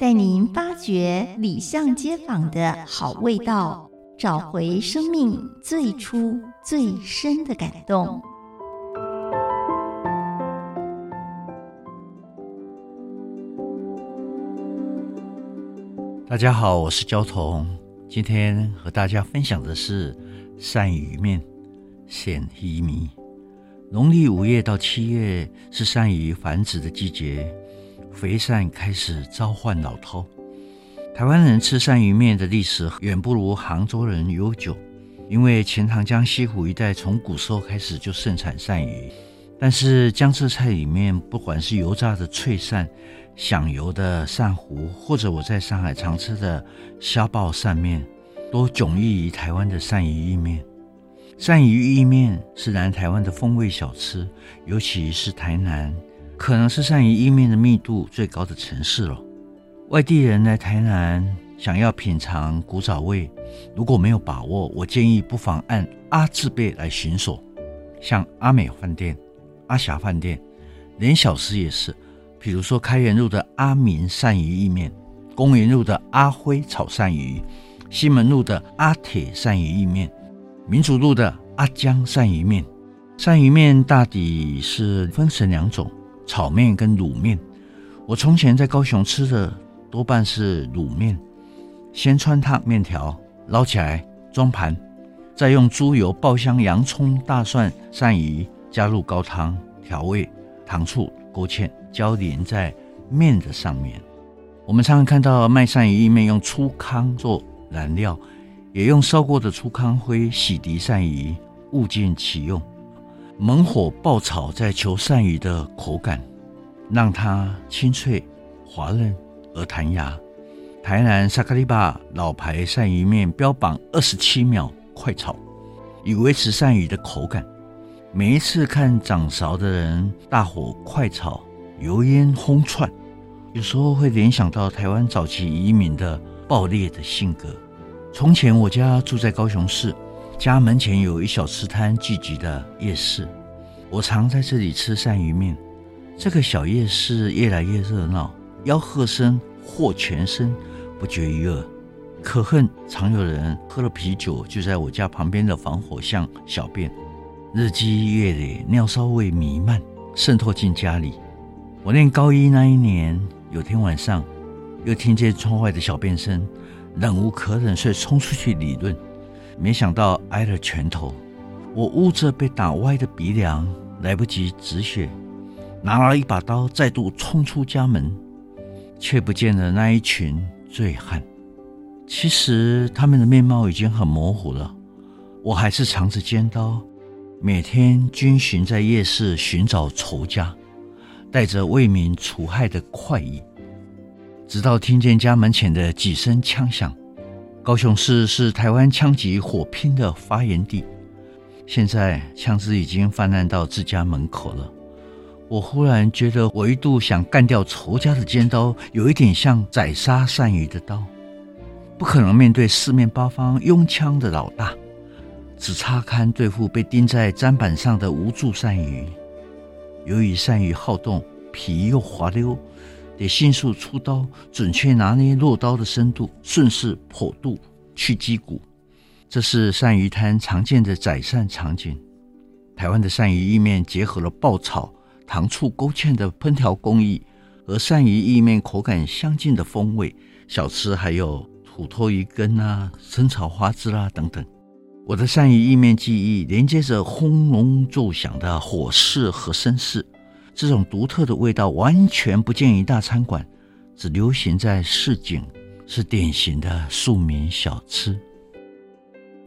帶您發掘里巷街坊的好味道，找回生命最初最深的感動。大家好，我是焦桐，今天和大家分享的是鱔魚麵鮮蝦米。農曆五月到七月是鱔魚繁殖的季節。肥鱔開始召喚老饕。台灣人吃鱔魚麵的歷史遠不如杭州人悠久，因為錢塘江西湖一帶從古時候開始就盛產鱔魚。但是江浙菜裡面，不管是油炸的脆鱔、響油的鱔糊，或者我在上海常吃的蝦爆鱔麵，都迥異於台灣的鱔魚意麵。鱔魚意麵是南台灣的風味小吃，尤其是台南。可能是鱔魚意麵的密度最高的城市了。外地人來台南，想要品嚐古早味，如果沒有把握，我建議不妨按阿字輩來尋索，像阿美飯店、阿霞飯店，連小吃也是。比如說，開元路的阿銘鱔魚意麵，公園路的阿輝炒鱔魚，西門路的阿鐵鱔魚意麵，民族路的阿江鱔魚麵。鱔魚麵大抵是分成兩種。炒麵跟滷麵，我從前在高雄吃的多半是滷麵。先汆燙麵條，撈起來裝盤，再用豬油爆香洋蔥、大蒜、鱔魚，加入高湯調味，糖醋勾芡，澆淋在麵的上面。我們常常看到賣鱔魚意麵用粗糠做燃料，也用燒過的粗糠灰洗滌鱔魚，物盡其用。猛火爆炒，在求鱔魚的口感，讓它清脆、滑嫩而彈牙。台南沙卡里巴老牌鱔魚麵標榜二十七秒快炒，以維持鱔魚的口感。每一次看掌勺的人大火快炒，油煙轟竄，有時候會聯想到台灣早期移民的暴烈的性格。從前我家住在高雄市。家門前有一小吃攤聚集的夜市，我常在這裡吃鱔魚麵。這個小夜市越來越熱鬧，吆喝聲、豁拳聲不絕於耳。可恨常有人喝了啤酒，就在我家旁邊的防火巷小便。日積月累，尿騷味彌漫，滲透進家裡。我念高一那一年，有天晚上，又聽見窗外的小便聲，忍無可忍，遂衝出去理論。沒想到挨了拳頭，我捂着被打歪的鼻樑，來不及止血，拿了一把刀，再度衝出家門，卻不見了那一群醉漢。其實他們的面貌已經很模糊了，我還是藏着尖刀，每天逡巡在夜市尋找仇家，帶着為民除害的快意，直到聽見家門前的幾聲槍響。高雄市是台灣槍擊火拼的發源地，現在槍支已經泛濫到自家門口了。我忽然覺得，我一度想幹掉仇家的尖刀，有一點像宰殺鱔魚的刀，不可能面對四面八方擁槍的老大，只差堪對付被釘在砧板上的無助鱔魚。由於鱔魚好動，皮又滑溜。得迅速出刀，準確拿捏落刀的深度，順勢剖肚去脊骨。這是鱔魚攤常見的宰鱔場景。台灣的鱔魚意麵結合了爆炒、糖醋勾芡的烹調工藝，和鱔魚意麵口感相近的風味小吃，還有土魠魚羹啊、生炒花枝啊等等。我的鱔魚意麵記憶連接着轟隆作響的火勢和聲勢。這種獨特的味道完全不見於大餐館，只流行在市井，是典型的庶民小吃。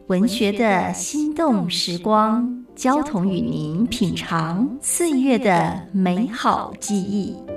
文學，文學的心動時光，焦桐與您品嘗歲月的美好記憶。